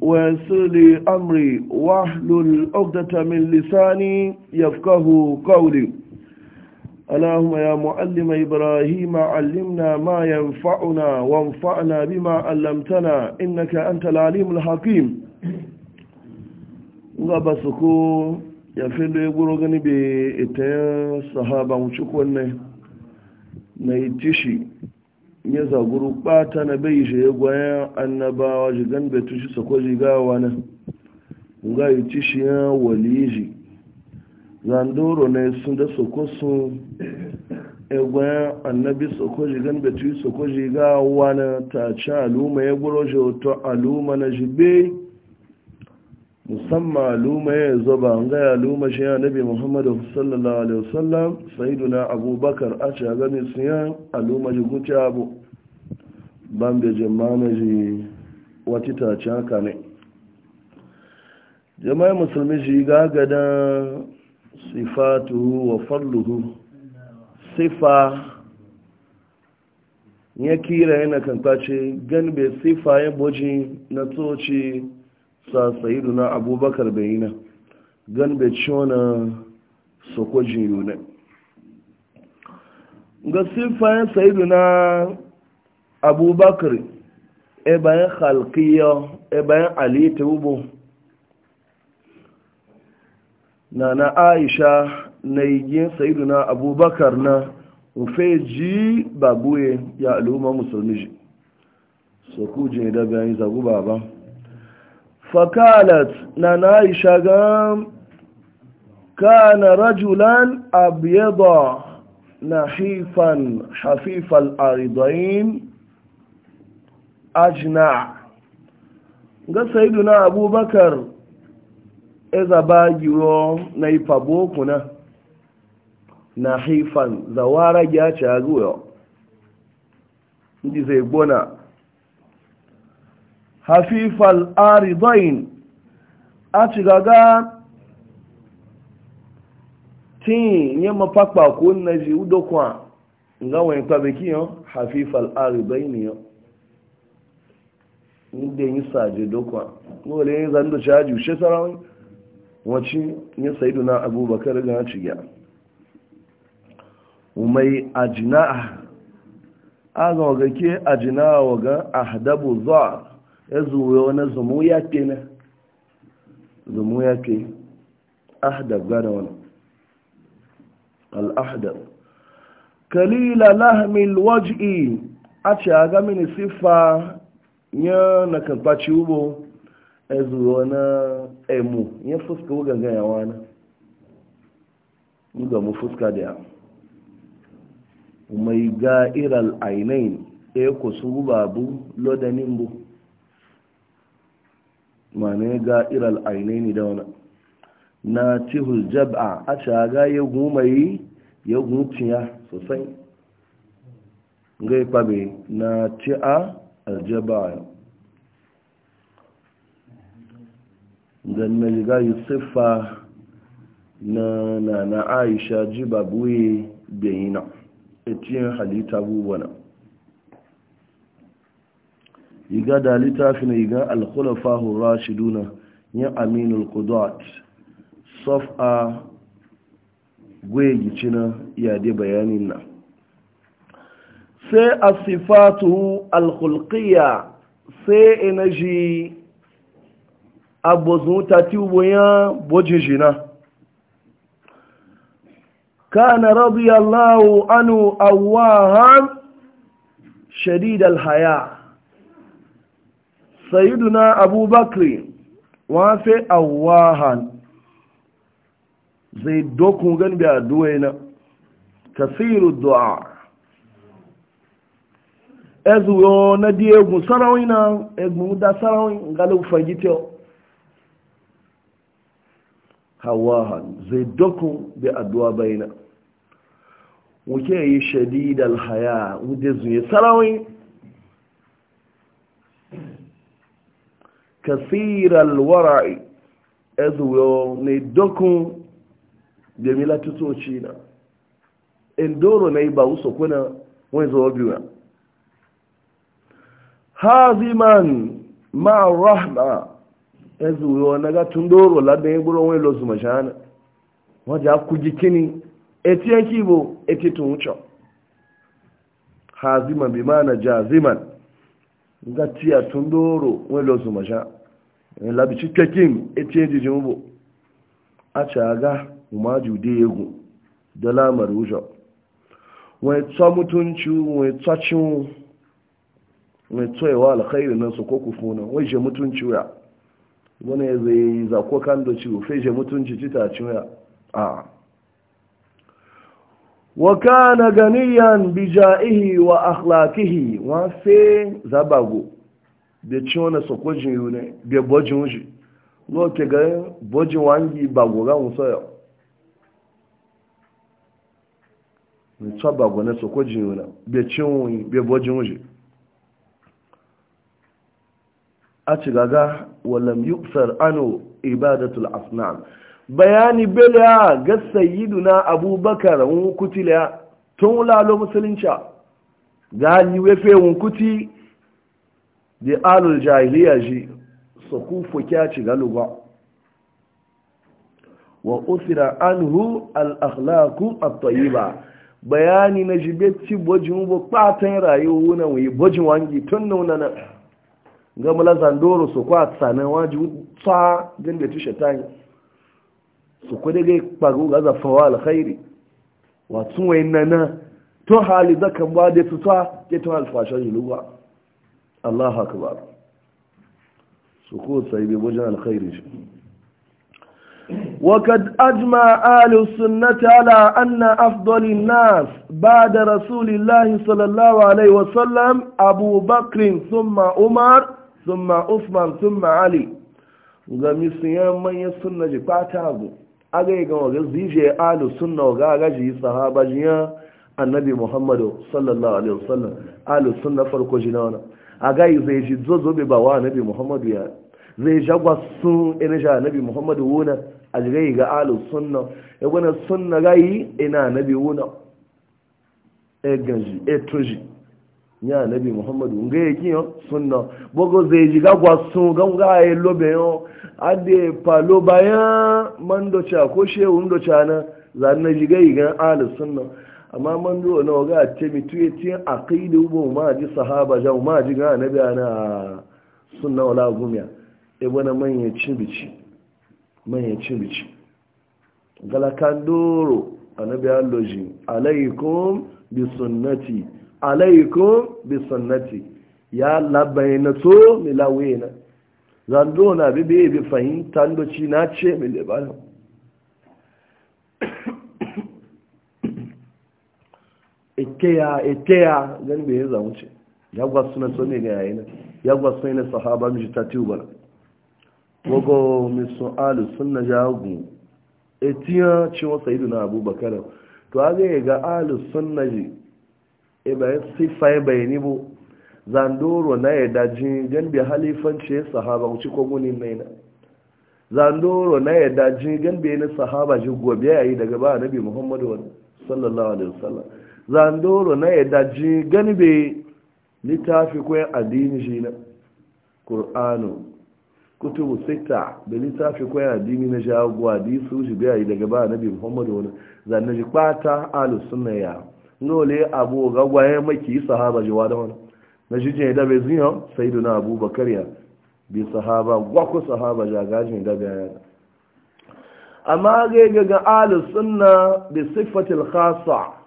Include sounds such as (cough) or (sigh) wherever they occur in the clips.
ويسر لي أمري واحلل عقدة من لساني يفقه قولي اللهم يا معلم إبراهيم علمنا ما ينفعنا وانفعنا بما علمتنا إنك أنت العليم الحكيم ngaba suko ya filo ya guro gani bai ita sahaban cikon ne na yi tishi ya zaguru ɓata na bai shi ya gwaya annabawa gan bai tushi sako gawa na ga yi tishi ya shi zandoro na sun da sako sun ya gwaya annabi sako gan bai tushi sako gawa na ta ci aluma ya gwaro shi wato aluma na shi bai musamman luma ya zuba, ba an gaya luma shi ya nabi muhammadu sallallahu alaihi wasallam sayiduna abubakar a ci a gani siyan a luma ji guci abu ban da jimana ji wata tace haka ne jama'i musulmi shi gagada sifatu wa falluhu sifa ya kira yana kan tace gan bai sifa ya boji na tsoci sa sayidu na abubakar bai yi gan bai ci wani sokojin yi ne ga siffayen sayidu na abubakar e bayan halkiyar e bayan alita ubu na na aisha na yi sayidu na abubakar na ufe ji babuye ya al'umma musulmi ji sokojin da bayan zagu baban fakalat na na aisha gan kana rajulan abyada nahifan hafifal aridain ajna ga sayyiduna abubakar eza bagiro na ifabokuna nahifan zawara ya ci aguyo ndi hafifal aridain a ci gaga tin yi mafakpa ko na ji udokwa nga wani kwabiki yau hafifal aridain yau inda yi saje dokwa wale yin zando caji ushe sarawai wacin nye saidu na abubakar ga ci gya umai ajina a ga wagake ajina waga ahdabu zuwa ya zuwa wani zumu ya ke ne, zumu ya ke ahdab gada wani al'ahdab kalila lahamin waj'i a ce a ga mini siffa ya na kamfaci ubo ya zuwa wani emu ya fuska wuganga gaya wani ga mu fuska da ya mai ga iral ainihin ya kusa gubabu lodanin bu mane ga iral ainihi da wani na tihul jab'a a caga ya yi ya guciya sosai ga kwabe na ti'a aljab'a ya na ga yi siffa na na aisha ji jibabuwe bayina etiyan halitta na. iga da littafin iga alkhulafahu rashiduna ya aminul kudat saf'a gwegici na yade bayanin nan sai a sifatu alkulkiya sai inaji abozun tati boyan kana كان رضي anu, عنه أواها شديد الحياء sayiduna abubakar wọn fẹ́ awahan zai dokun gan bi aduwa na kasiru du'a ezuwo na di egun sarawin na egun da sarawin galu fagito hawahan zai dokun bi aduwa bayina wuke yi shadidal haya wude zuye sarawin kasiral wara'i ezuwo ne dokun jamila tutoci na indoro na yi ba wuso kuna wani zuwa biyu haziman ma rahma ezuwo na ga doro ladan ya gburo wani losu mashana wajen kuji kini eti yanki bo eti tun wucin haziman bi ma na jaziman ga tiya tundoro wani losu mashana Eh, labici kekin etiye jijin bu a caga umaju da egwu da ụjọ wujo wai tso mutunci wai tso cin wai tso yawa alkhairu nan su ko kufuna wai je mutunci ya wani ya zai zako kan da ciwo fai je mutunci cita cin ya a wa kana ganiyan ihi wa akhlaqihi wa sai zabago bai ci wani sokojin yiwu ne bai bojin wuce loke ga bojin wangi ba gora musa yau mai tsa ba gona sokojin yiwu ne bai ci wani bai bojin wuce a ci gaga walam yuksar ano ibadatul asnam bayani bela ga na abubakar wunkutila tun lalo musulunci ga liwefe wunkuti di alul jahiliya ji su kufu kya ci galuba wa usira anhu al'akhlaku at-tayyiba bayani na jibeci bojin bo patan rayuwa na wuyi bojin wangi tun nuna na ga mulazan zandoro su kwa tsana waji tsa din da tushe tani su dai daga kpago ga zafawa alkhairi wa tun wayin na to hali zakan ba da tuta ke tun alfashar yiluwa Allah akbar su ko sai bai wajen alkhairi shi وقد أجمع آل السنة على أن أفضل الناس بعد رسول الله صلى الله عليه وسلم أبو بكر ثم عمر ثم عثمان ثم علي sun yi ji kwata abu yi zije alu sunna wa ga gaji sahaba jiya annabi muhammadu sallallahu alaihi wasallam alu sunna farko jina wani a gai zai ji zozo bai ba wa annabi muhammadu ya zai jagwa sun ina ja annabi muhammadu wuna a jirai ga alu sunna ya e wani sunna gai ina annabi wuna e ganji e tuji ya annabi muhammadu nga ya kiyo sunna bogo zai ji gagwa sun gan e ya lobe Adi ade palo bayan mandocha ko shehu wundocha na zanna jigai ga alu sunna amma man zo na waga ce mi tuye tiye aqidu bo ma ji sahaba jaw ma ji ga nabi ana sunna wala gumiya e bana manye cibici manye cibici gala kandoro annabi alloji alaikum bi sunnati alaikum bi sunnati ya labaina to milawena do na bibi bi fahimta ci na ce mi lebana ikkeya ikkeya gani bai yi zamuce ya gwasu na tsone ga yayi nan ya gwasu na sahaba mishi ta tuba wogo mi sun alu sunna jagu etiya ci wa sayyiduna abubakar to a zai ga alu na ji e bai sifa e bai ni bu zandoro na ya daji gani bai halifanci sahaba uci ko gunin nai na zandoro na ya daji gan bi na sahaba ji gobe yi daga ba nabi muhammadu sallallahu alaihi wasallam zandoro na yadda ganibe gani be littafi kwayan addini shi na ƙur'anu kutubu sita da littafi kwayan addini na da yi su shi biya yi daga ba na bi muhammadu wani zanne shi kpata alu suna ya nole abu ya maki sahaba ji wada wani na shi jini dabe ziyan sai duna abubakar ya bi sahaba gwakwa sahaba da dabe ya amma ga ga alu alusunna bi sifatil khasa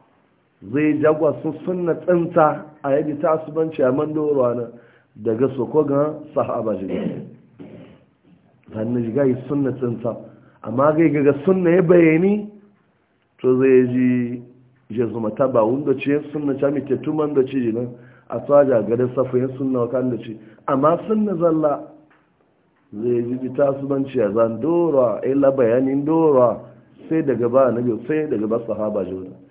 zai jagwa sun sunna tsinta, a yadda ta asibanci a man doro na daga soko ga sahaba jiga hannun jiga yi sunna tsinta, amma gai gaga sunna ya bayani to zai ji jezuma ta ba wanda ce sunna ta mai tetuman da ci jinan a tsaja gada safayin sunna wakan da ci amma sunna zalla zai ji ji ta asubanci a zan doro a ila bayanin doro sai daga ba na biyu, sai daga ba sahaba jiga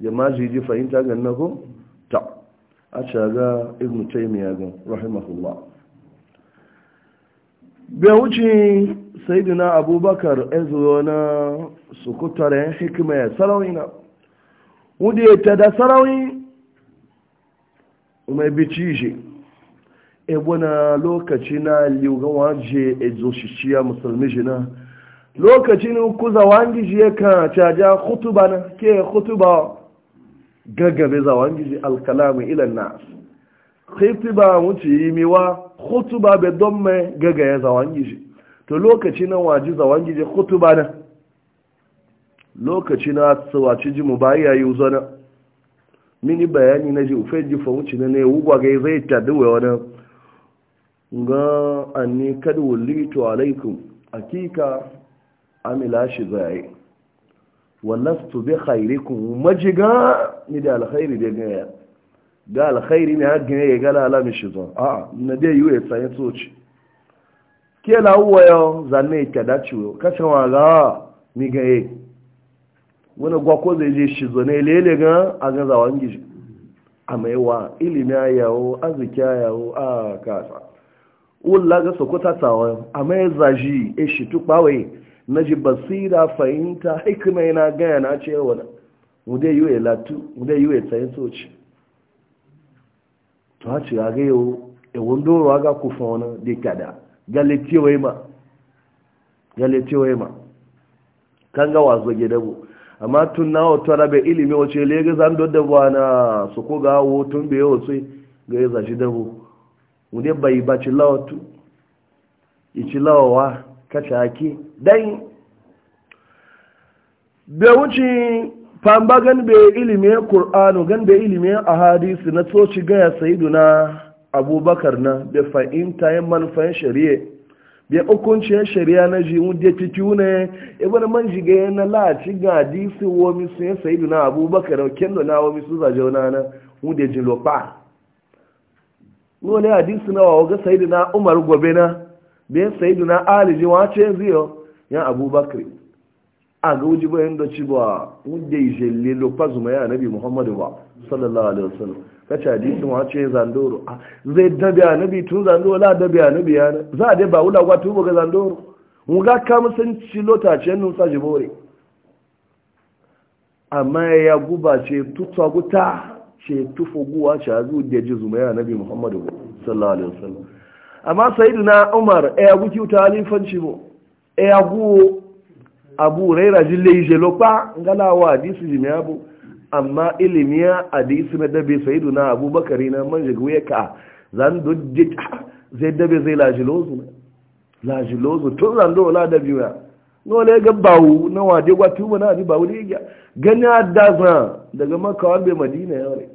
jama'a yi ji fahimta na ko ta a shaga ibn taymiya gan rahimahullah bai wuce sayidina abubakar ezuwa na kutare hikima ya sarauni na wanda ya tada sarauni mai bici shi ebo na lokaci na liugawa je ezo shishiya musulmi shi na lokacin kuza wangi shi ya kan caja hutuba na ke hutuba gaggame zawon gizi alkalamu ilan nas khitiba wuce yi miwa khutuba be don mai gagaya zawon to lokaci na waji zawon gizi khutuba na lokaci na tsawaci ji mu baya yi uzona mini bayani na ji ufe ji fa wuce na ne wugwa ga zai taduwa wani ga anni kad wulitu alaikum akika amila shi zai walastu bi khairikum majiga ni da alkhairi da gaya Da alkhairi ne har gaya ga lala mi shi zo a na dai yuwe sai tsoci ke la uwa yo zanne ta da ciwo ka cewa ga mi gaya wani gwa ko zai je shi zo ne lele ga a ga zawan gishi a mai wa ilimi yawo arziki yawo a kasa ulla ga sokota tawo a mai zaji e shi tukpawe na ji basira fahimta hikima yana gaya na cewa na mude yiwe latu yiwu ya tsayin soci to ha ci ga yau wando ruwa ga kufa wani da kada galetiyoyi ma galetiyoyi ma kan ga wazo gida bu amma tun na wata rabe ilimi wace lega zan do da su ko ga wotun be yau sai ga ya zaci dabu mude bai baci lawatu ici lawawa kacaki dai bai wuce famba gan bai ilimin ƙur'anu gan bai ilimin a hadisi na tsoci gaya saidu na abubakar na bai fahimta yin manufayin shari'a bai hukuncin shari'a na ji wunde fiti wune ibar man jiga yin na lati ga hadisi wa misu yin saidu na abubakar kendo na wa su zaje na na wunde jilopa nole hadisi na wa waga saidu na umar gobe na be saidu na aliji wace ziyo yan abubakar a ga wuji yin da ci ba wanda yi jelle lokpa zuma ya nabi muhammadu ba sallallahu alaihi wasallam kace hadisin wace zandoro a zai dabi a nabi tun zandoro la dabi a nabi ya za a dai ba wula gwa tubo ga zandoro wuga ka musanci lota ce nun sa jibore amma ya guba ce tutsa guta ce tufo guwa ce a zuwa da ji zuma ya nabi muhammadu sallallahu alaihi wasallam amma na umar e eh, agu ki talifanci mu e eh, agu abu raira jille je lopa ngala wa hadisi jimi abu amma ilimiya hadisi na dabe na abubakari na manje gwe ka zan dodje zai dabe zai lajilozu na lajilozu tun zan do la dabe ya nole ga bawu na wade gwa tuba na di bawu ya gani adda daga bai madina ya madina yare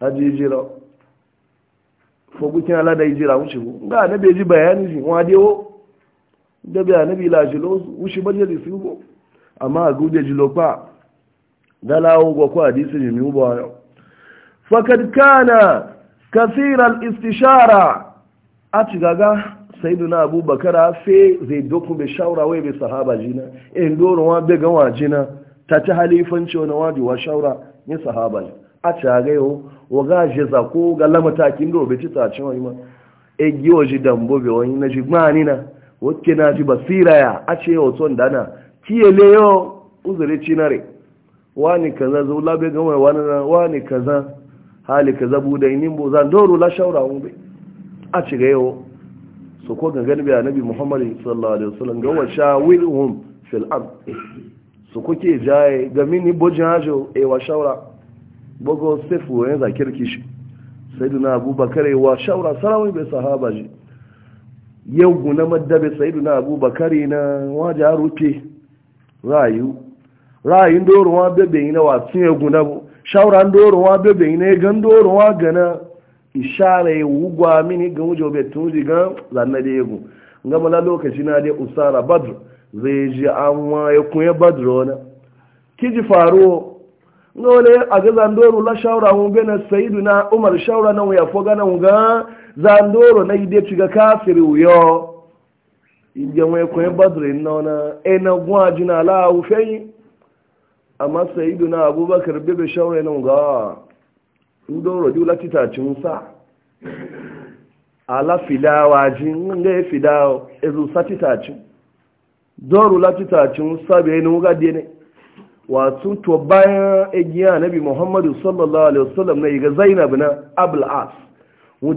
ajijira fogukin ala da wuce ko ga annabi ji bayani ji wa dewo da bi annabi la jilo wuce baje da su amma guje jilo pa dalawo go ko hadisi ji mi ba yo fakad kana kathira istishara ati gaga sayyiduna abubakar fe zai dokun be shawara wai sahaba jina en doro wa be ga wa jina ta ta halifanci wani wajewa shawara sahaba wa ga jeza ko ga lamata kin do be tita cin wani ma e giyo ji dambo be wani na ji mani na wacce na ji basira ya a ce wa son dana kiye le yo uzuri cinare wani kaza zo be ga wani wani kaza hali kaza budai bo zan doro la shaura mu be a ce ga yau su ko gangan bi annabi Muhammad sallallahu alaihi wasallam ga washa shawilhum fil ard su kuke jaye ga mini bojin hajo e wa shaura bugu sefu wani zakir kishi sai duna abubakar wa shawara sarawai bai sahaba ji yau guna maddabe sai duna abubakar na waje rufe rayu rayun doronwa bebe yi na watsun ya guna bu shawara doronwa bebe yi na ya gan doronwa gana ishara ya wugwa mini ga wujo bai tun ji gan zanna da yego gama na lokaci na dai usara badr zai ji an ya kunye badr wani kiji faruwa nole a ga zandoro la shawara mu bena sayidu na umar shawara na ya foga na za ndoro na ide ciga kafiri uyo ije nwe kwen badre nona ena gwa jina la u Ama amma sayidu na abubakar bebe shawara na ga ndoro di ula tita chunsa ala fidawa jin nge fidawo ezu satita chin doru la tita chunsa be ni ga dene wato to bayan egiya nabi muhammadu sallallahu alaihi wasallam na ga zainab na abul as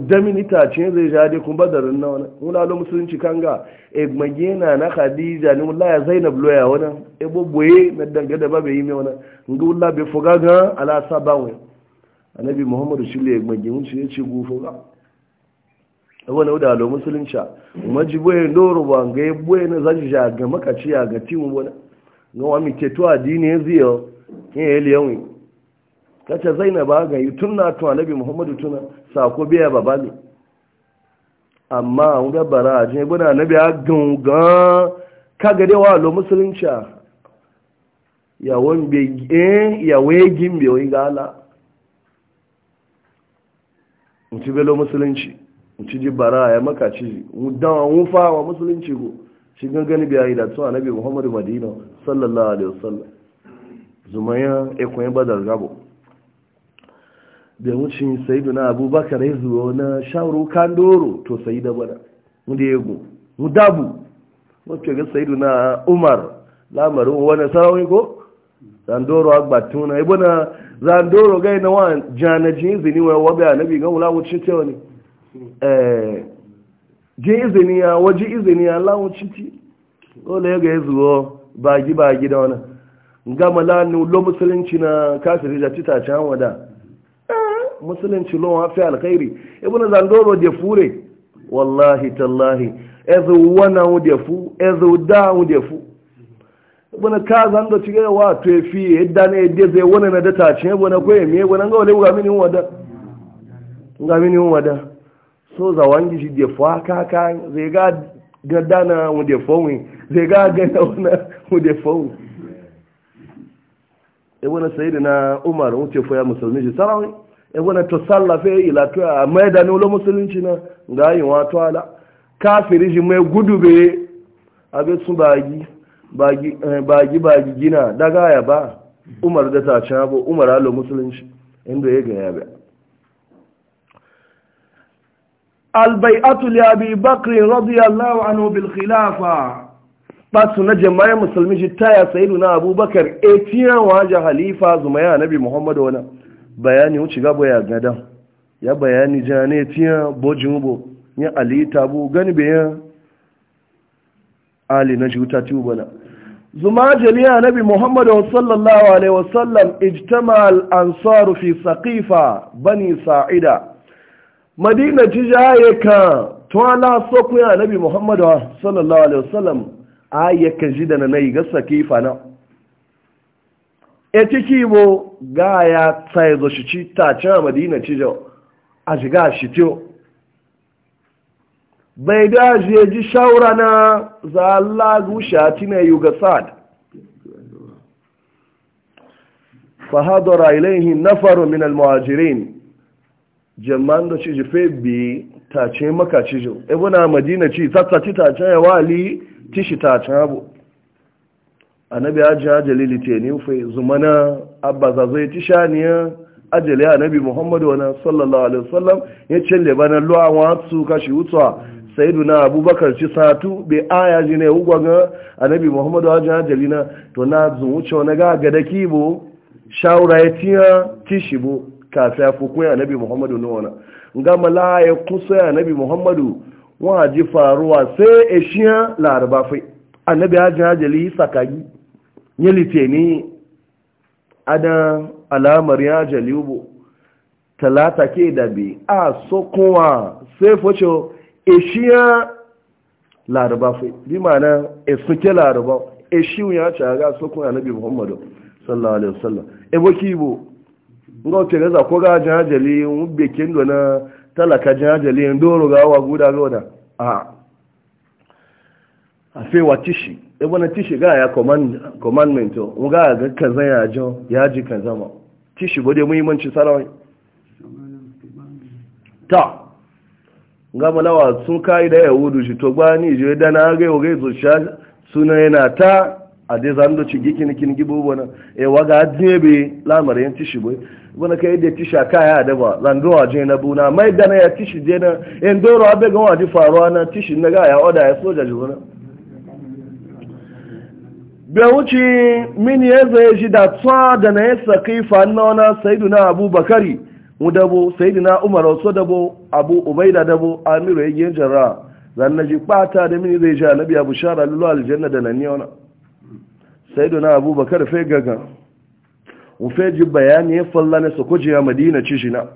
ta itacen zai ja dai kun badarin na wani wani lo musulunci kanga e magena na khadija ni wallahi ya zainab loya ya wani e boboye na danga da babe yi me wani nga wallahi be foga ga ala sabawe annabi muhammadu shille e magin wani shi ce gufo ga wani wuda lo musulunci majiboye ndoro ba ga e boye na zaji ja ga makaci ya ga timu wani ga wa mi ceto addini yanzu yau in ya yi yawon kace zainaba ga yi tunna to muhammadu tuna sako biya baba ne amma an ga bara je buna annabi a ganga kaga dai lo musulunci ya won be eh ya wegin be wai gala mutu musulunci bara ya shi gangani biya yi da tun annabi muhammadu madina sallallahu alaihi wasallam zumaya ekwenye badar gabo da wuce sayidu na abubakar ya zuwa na shawaru doro to sayi da bada wanda ya gu mudabu wacce ga sayidu na umar lamarin wani sarauni ko zandoro ibo na zandoro gai na wa janajin zini wa wabe annabi ga wula wucin cewa ne eh je izini ya waje izini ya lawon citi dole ya ga ya zuwa bagi bagi da wani gama lanu lo musulunci na kafiri da cita ci hanwa da musulunci lo wa fi alkhairi ibnu zandoro de fure wallahi tallahi ezu wana u de fu ezu da u de fu ibnu ka zando ci ga wa to fi yadda e ne e de zai wani na da ta ci ibnu ko me ibnu ga wale ga mini wada ga mini wada so za wangi shi defuwa ah, kaka zai ga gada na mu zai ga gada (laughs) e wana mu defuwa ebe na sayi na umar wuce foya musulmi shi sarawai ebe na to sallafe ilatu a mai da nulo musulunci na ga yi wato ala kafiri shi mai gudu be abe su bagi eh, bagi bagi gina daga ya ba umar da ta can umar alo musulunci inda ya ga ya bai البيعة لأبي بكر رضي الله عنه بالخلافة بس نجمع مسلمي na سيدنا أبو بكر اتيا واجه Zuma, زميا نبي محمد ولا bayani wuce gabo ya gada ya bayani jane tiya bojin ya ali tabu gani bayan ali na juta tiwo bana zuma jaliya nabi muhammadu sallallahu alaihi wasallam ijtama al ansaru fi saqifa bani sa'ida madina ci jaye ka tuwala soku ya nabi muhammadu sallallahu alaihi wasallam a yakan ji da na nai yi gasa kifa na e ciki bo ga ya tsaye zo shi ci ta can madina ci jau a shiga shi tiyo bai da shi ya ji shawara na za Allah a tina yi ga sa'ad fahadara ilaihi nafaru min al-muhajirin jaman da ci jife bi ce maka ci jau ibuna madina ci tattaci tace ya wali ta tace abu annabi jalili ajali litinin fai zumana abba za zai a shaniya ajali annabi muhammadu wani sallallahu alaihi wasallam ya ce lebanon luwa wasu kashi wutuwa sai duna abubakar ci satu bai aya ji ne ugwaga annabi muhammadu hajji ajali na to na zumuce wani ga gada kibo shawara ya tiya tishi bo kafin ya fuku ya nabi muhammadu nuna gama ga ya kusa ya nabi muhammadu wa ji faruwa sai e shiya laraba fai annabi hajji hajjali sakagi ya litini adan alamar ya hajjali ubu talata ke dabi a sokowa sai focho e shiya laraba fai bi mana e suke laraba e ya ci aga sokon annabi muhammadu sallallahu alaihi wasallam e bokibo ngo pega za ga jajali ke kendo na talaka jajali ndoro ga wa guda gona a a fe wa tishi e bona tishi ga ya command commandment o ga ga kaza ya jo ya ji kaza ma tishi bode muhimmanci salawai ta nga malawa sun kai da yahudu shi to gbani je da na ga yoga zo sha suna yana ta a dai zan do ci gikin kin gibo bona e waga adebe lamarin tishi boy wani ka da ti shaka ya da ba zandowa je na buna mai dana ya tishi je na in doro abe ga waje faruwa na tishi na ga ya oda ya soja juna bai wuce min ya zai ji da tsa da na ya saki fannona na abu bakari mu dabo saidu na umar wasu dabo abu ubaida dabo amiru ya yin jara zan na ji kpata da mini zai ji nabi abu shara lullu aljanna da na niyona na abu bakari fai gagan wufe ji bayani ya falla na sokoji ya madina ci shi na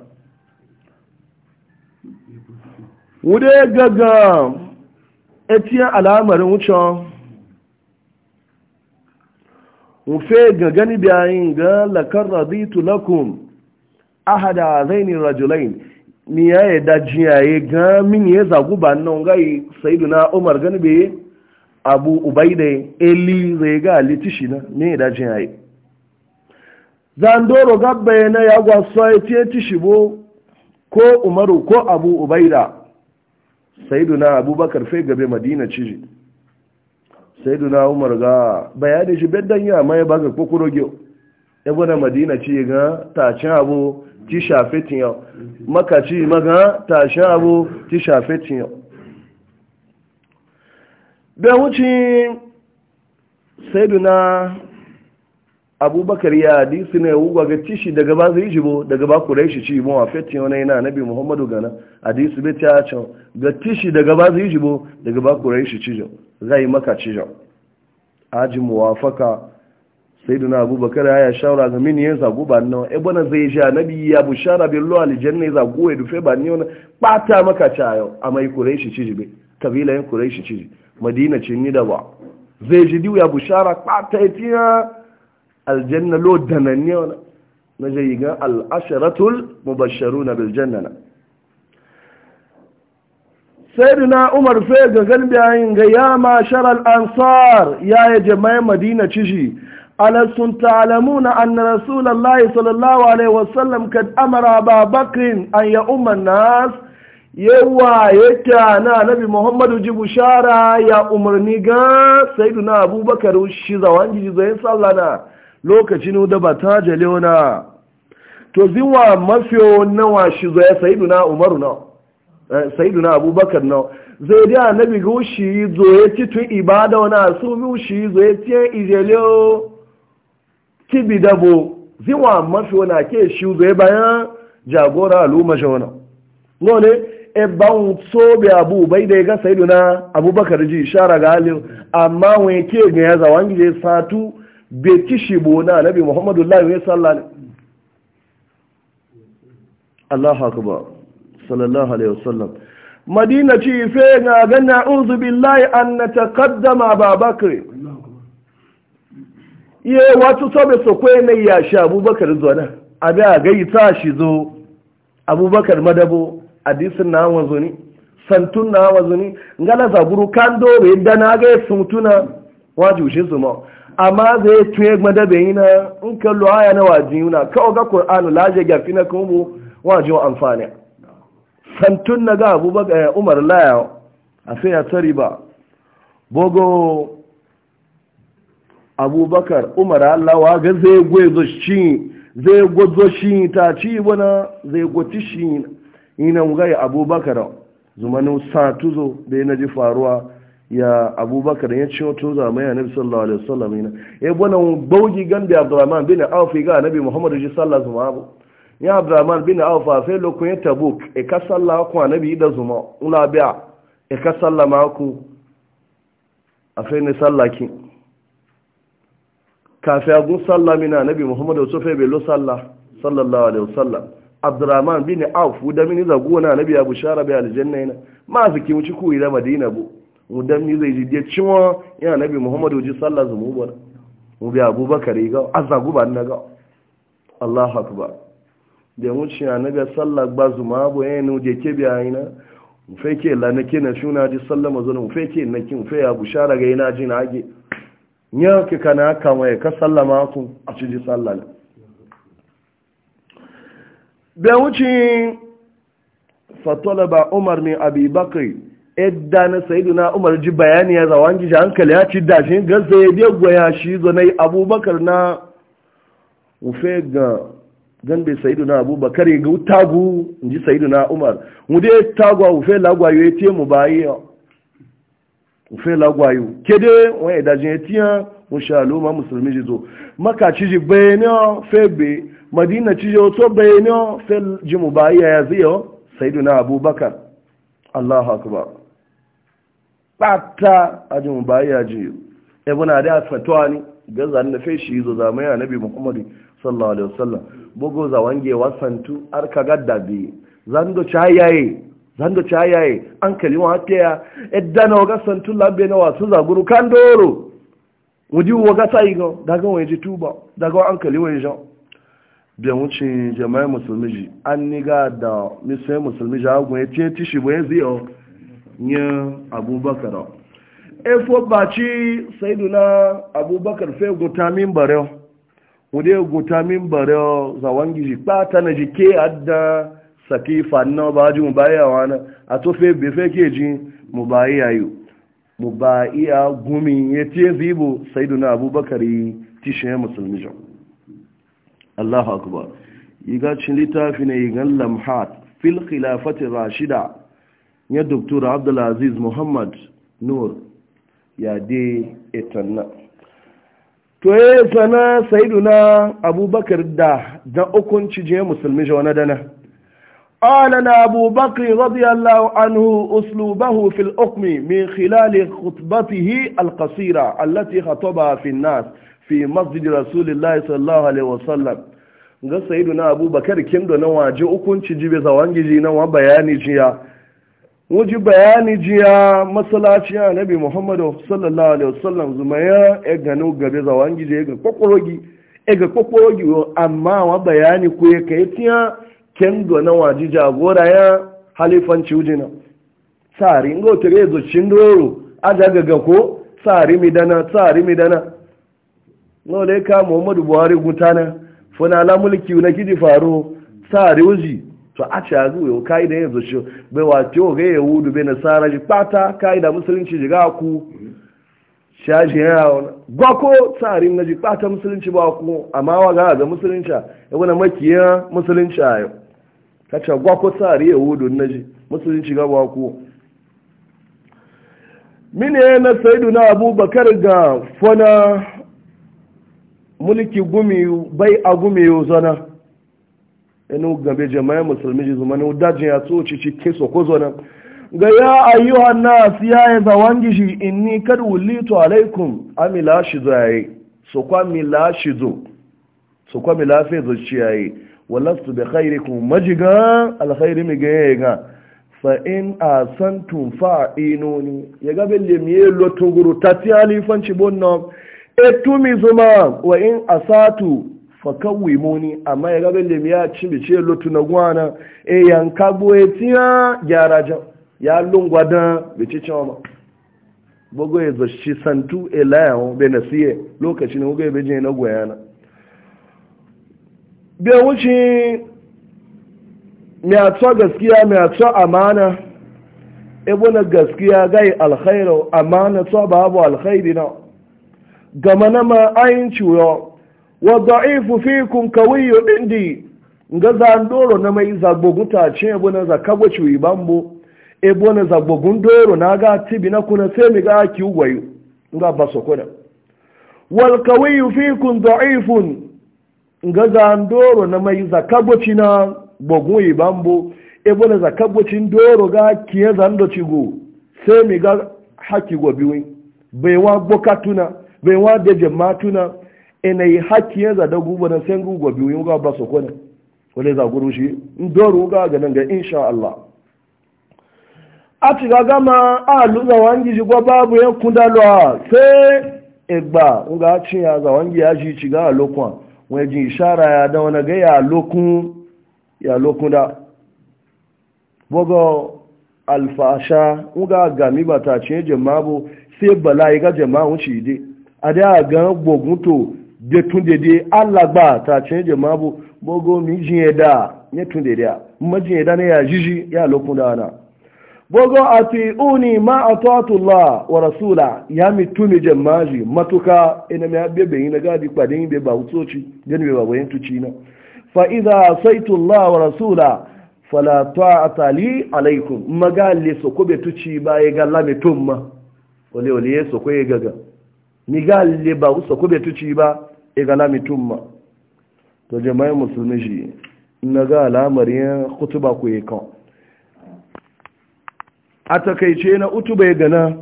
wude gaga etiyan al'amarin wucin wufe gagani bayan ga lakar raditu lakum ahada zaini rajulain ni ya yi dajiyaye ga mini ya zagu ba nan gai sayiduna umar gani bai abu ubaidai eli zai ga litishi na ne ya dajiyaye zandoro gabba yana ya gwasa ya ce ci shibo ko umaru ko abu ubaida saiduna abubakar fai gabe madina ciji saiduna umar ga bayani shi beddan ya mai baka kokoro gyo ya gwada madina ci ga tashin abu ti shafe tiyo maka ci maka tashin abu ti shafe tiyo bai wuce saiduna abubakar ya hadisi ne wugwa ga tishi daga ba zai jibo daga ba ku shi ci mo afetin wani yana nabi muhammadu gana hadisi bai ta can ga tishi daga ba zai jibo daga ba ku shi ci jau zai maka ci jau aji muwafaka sai duna abubakar ya shawara ga mini zagu ba nan e bana zai ja nabi ya bushara na aljanna za goye dufe ba ni wani bata maka ci yau amai ku shi ci jibe kabila yin ku shi ci madina cin ni da ba zai ji diwa bushara bata tiya الجنة لو دمني نجي العشرة المبشرون بالجنة سيدنا عمر فيغا قال بيان يا ما شر الأنصار يا يا جماعة مدينة تشي ألا تعلمون أن رسول الله صلى الله عليه وسلم قد أمر أبا بكر أن يؤم الناس يوا يتانا نبي محمد وجب شارا يا عمر نيغا سيدنا أبو بكر وشيزا وانجي جزين صلى الله عليه وسلم lokacin da ba ta jale wana to zinwa mafiyo nawa shi zo ya sayidu na umaru na eh, sayidu na abubakar na zai da nabi ga shi zo ya ci tun ibada wana su mi shi zo ya ci ijele kibi bidabo zinwa mafiyo na ke shi zo ya bayan jagora al'umma shawana no ne e ban so bi abu bai da ga sayidu na abubakar ji shara ga halin amma wani ke ga ya zawangi da satu bai kishi bona nabi muhammadu lai ya ne Allah akbar sallallahu alaihi wasallam madina ci fe na ga na'udhu billahi an ba bakare iye wato sobe so kwe na ya sha abubakar zuwa nan abi a ta shi zo abubakar madabo hadisin na wanzo ni santun na wanzo ni ngala zaburu kan dobe da na ga sun tuna waju shi zuma amma zai tuye gbada bai na in kallo aya na wajen yuna kawo ga ƙor'anu laje gafi na bu wajen amfani santun na ga abubakar eh, umar laya a sai ya tsari ba bogo abubakar umar allawa ga zai gwezo shi zai gwezo shi ta ci wani zai gwati shi yi na abubakar zumanin satuzo da yana na ji faruwa ya abubakar ya ci wato zamai a nabi sallallahu alaihi wasallam ina ya bana bauji gambe abdurrahman bin auf ga nabi muhammadu ji sallallahu zuma abu ya abdurrahman bin auf a fe lokun ya tabo e ka salla ku nabi da zuma ula biya e ka salla ma ku a fai ne sallaki kafi agun salla mina nabi muhammadu so fe be lo salla sallallahu alaihi wasallam abdurrahman bin auf da mini zagona nabi abu shara bai aljanna yana ma zaki wuci ku da madina bu mudan ni zai jide cewa ya nabi muhammadu ji sallah zumu bar mu bi abubakar ga azza guba na ga allahu akbar da mu ci nabi sallah ba zuma bo ya nu je ke bi aina mu ke la na ke na shuna ji sallah mazuna mu fake na ki mu fe ya bushara ga ina ji na age nya ke kana kama ya ka sallama ku a ci ji sallah da wuce fatalaba umar min abi bakri yadda na sayidu na umar ji bayani ya zawon gija hankali ya ci dashin gaza ya biya gwaya shi zonai abubakar na wufe ga gambe sayidu na abubakar ya ga tagu in ji sayidu na umar wude tagu tagwa wufe lagwayo ya ce mu bayi wufe lagwayo kede wani dashin ya tiya mushalu ma musulmi ji zo maka ci ji bayani febe madina ci ji oto bayani fe ji mu bayi ya ziyo sayidu na abubakar Allahu akbar ɓata a jin baya ji ebe na da fatuwa ne ga zan na feshi shi zo zamai a nabi muhammadu sallallahu alaihi wasallam bugu za wange wasantu ar ka gadda bi zando do chayaye zando do chayaye an kalima hatta ya edda na santu labbe na wasu zaguru kan doro wudi waga sai go daga waje tuba daga an kalima waje biyan wuce jama'a musulmi ji an ni ga da misai musulmi ji agun ya ce tishi bo ya ziyo nye abubakar efo baci saiduna abubakar fe gutamin bareo wude gutamin bareo zawangi ji na ji ke adda saki fanno ba ji mu baya wana a to fe be fe ke ji mu yu mu gumi ya tie zibo saiduna abubakar tishe musulmi jo Allahu akbar yiga cin litafi ne yigan lamhat fil khilafati rashida ya doktora abdulaziz muhammad nur ya de etanna to ya sana sayiduna abubakar da da hukunci je musulmi shi wani dana ƙanan abubakar radiyallahu anhu uslubahu fil okmi min khilali khutbatihi alkasira allati hatoba fin nas fi masjid rasulillahi sallallahu alaihi wasallam ga sayiduna abubakar kin da na waje hukunci jibe zawangiji na wa bayani jiya wuji bayani jiya masalaci a nabi muhammadu sallallahu alaihi wasallam zuma ya e gano gabe za wangi je ga kwakwarogi e ga kokorogi e amma wa bayani ku ya kai tiya ken do na waji jagora ya halifanci wujina tsari ngo tere zo cindoro a jagaga ko tsari mi dana tsari mi dana no dai ka muhammadu buhari gutana funa la mulki na kiji faro tsari wuji to a ce yanzu yau ka'ida da yanzu shi bai wa tiyo ga yahudu bai nasara tsara shi kai da musulunci ji ga ku shaji yana wani gwako tsarin na ji pata musulunci ba ku amma wa ga da musulunci ya wani makiya musulunci a yau ka ce gwako tsari yahudu na ji musulunci ga ba ku mine na saidu na abubakar ga fona mulki gumi bai a gumi zana inu gabe jama'in musulmi ji zuma dajin ya so ci cikin so ko nan ga ya ayyuhan nas ya yi zawan gishi inni kad wulitu alaikum amila shi zai so kwa mila shi zo so kwa mila fe zo ci yayi walastu bi khairikum majiga alkhairi mi ga yaga fa in asantum fa inuni ya gabe le miye lotoguru tati alifanci bonno etumi zuma wa in asatu fakawi muni amma ya gaba lemi ya ci ce lotu na gwana e yanka boye tiya gyara jan ya lungwa dan ci cewa bugu ya zashi santu e layan bai siye lokaci na bugu ya bejin na gwayana bai wuce miyatsa gaskiya miyatsa amana e, na gaskiya gai alkhairu amana tsoba babu alkhairu na gama na ma ayin ciwo wa da'ifu fikum kawiyyu indi nga zandoro na mai zagbogun tace ebo na zakago ciwi bambo ebo na zagbogun doro na ga tibi na kuna sai mi ga ki ugwayo nga baso koda wal kawiyyu fikum da'ifun nga zandoro na mai zakago na bogun yi bambo ebo na zakago cin doro ga kiye zando cigo sai mi ga haki gobiwi bai wa bokatuna bai wa deje matuna ina yi haki ya zada guba na sai guba biyu yin ga ba su kone wale za guru shi in doru ga ga nan ga insha Allah a ti ga gama a luza wangi ji gwa babu yan kunda lwa sai egba in ga cin ya za wangi ya ji ci ga a lokun wani ji ishara ya da wani ga ya lokun ya lokun da bogo alfasha in ga gami ba ta ce jama'a sai bala ya ga jama'a wuce dai a da ga gbogun to je tun dede Allah ba ta cin je mabu bogo mi jin yada ne tun dede ma jin yada ne ya jiji ya lokun da ana a ati uni ma atatu Allah wa rasula ya mi tumi je maji matuka ina mi abebe na gadi padin be ba utoci den be ba wayin tuci na fa idha saitu la wa rasula fala ta'ata li alaikum magali e so ko be tuci ba ya galla me ma wale-wale so ko ye gaga ni ga le ba uso ko be tuci ba igalami tumma to jama'in musulmi shi na ga al'amarin kutuba ku yi kan a takaice na utu bai gana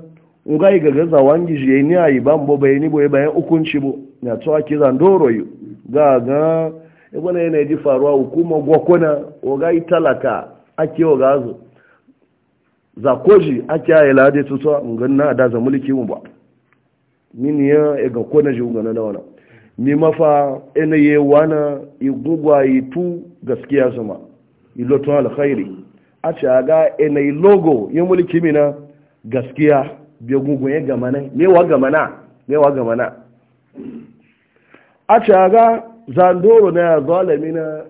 nga yi gaga zawon gishi ya ni a yi ban bo bai ni bai bayan hukunci bo na tsawa kiza ndoro yi ga ga ibana yana ji faruwa hukuma gwakwana oga yi talaka ake oga zo za koji ake a yi lade tutuwa ngan na da za mulki mu ba min ya ga kona ji ungana na wannan ni mafa enaye wana igugwa itu gaskiya zuma ilotun alkhairi a ce ga enayi logo ya mulki mina gaskiya bai gugun ya gamana mewa gamana mewa gamana a ce ga zandoro na ya zalami na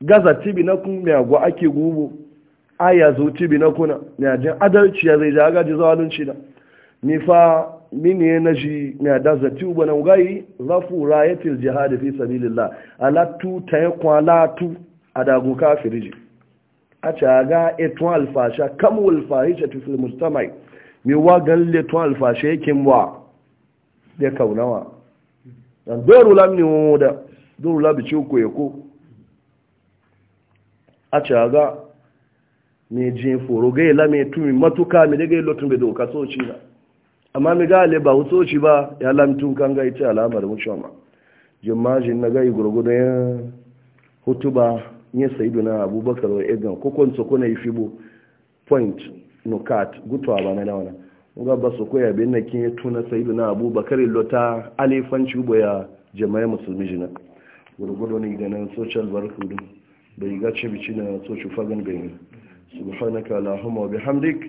gaza tibi na kun mai agwa ake gugu a ya zo tibi na kuna ya ajin adalci ya zai ji aga ji zalunci na Ni fa mini na shi na daza zati uba na ngai rafu rayatil jihad fi sabilillah ala tu ta kwala tu daguka kafiriji a caga etun alfasha kamu alfahisha tu fil mustamai mi wa gan le tun alfasha yake mwa da kaunawa dan doru lam ni da doru labi ci yako a caga ne jin foro ga la me tumi matuka mi daga lotun be doka so ci amma mi gale ba wuto ba ya lamtun kan ga ita alamar mutuwa ma jimajin na gai gurgudu ya hutu ba ya sayidu na abubakar wa egan kokon su kuna ifi bu point nukat gutuwa ba na dawana ga ba su koya bin na kin tuna sayidu na abubakar lota alifanci bo ya jama'a musulmi jina gurgudu ne ganin social barkudu bai ga cibici na social fagan gani subhanaka allahumma wa bihamdik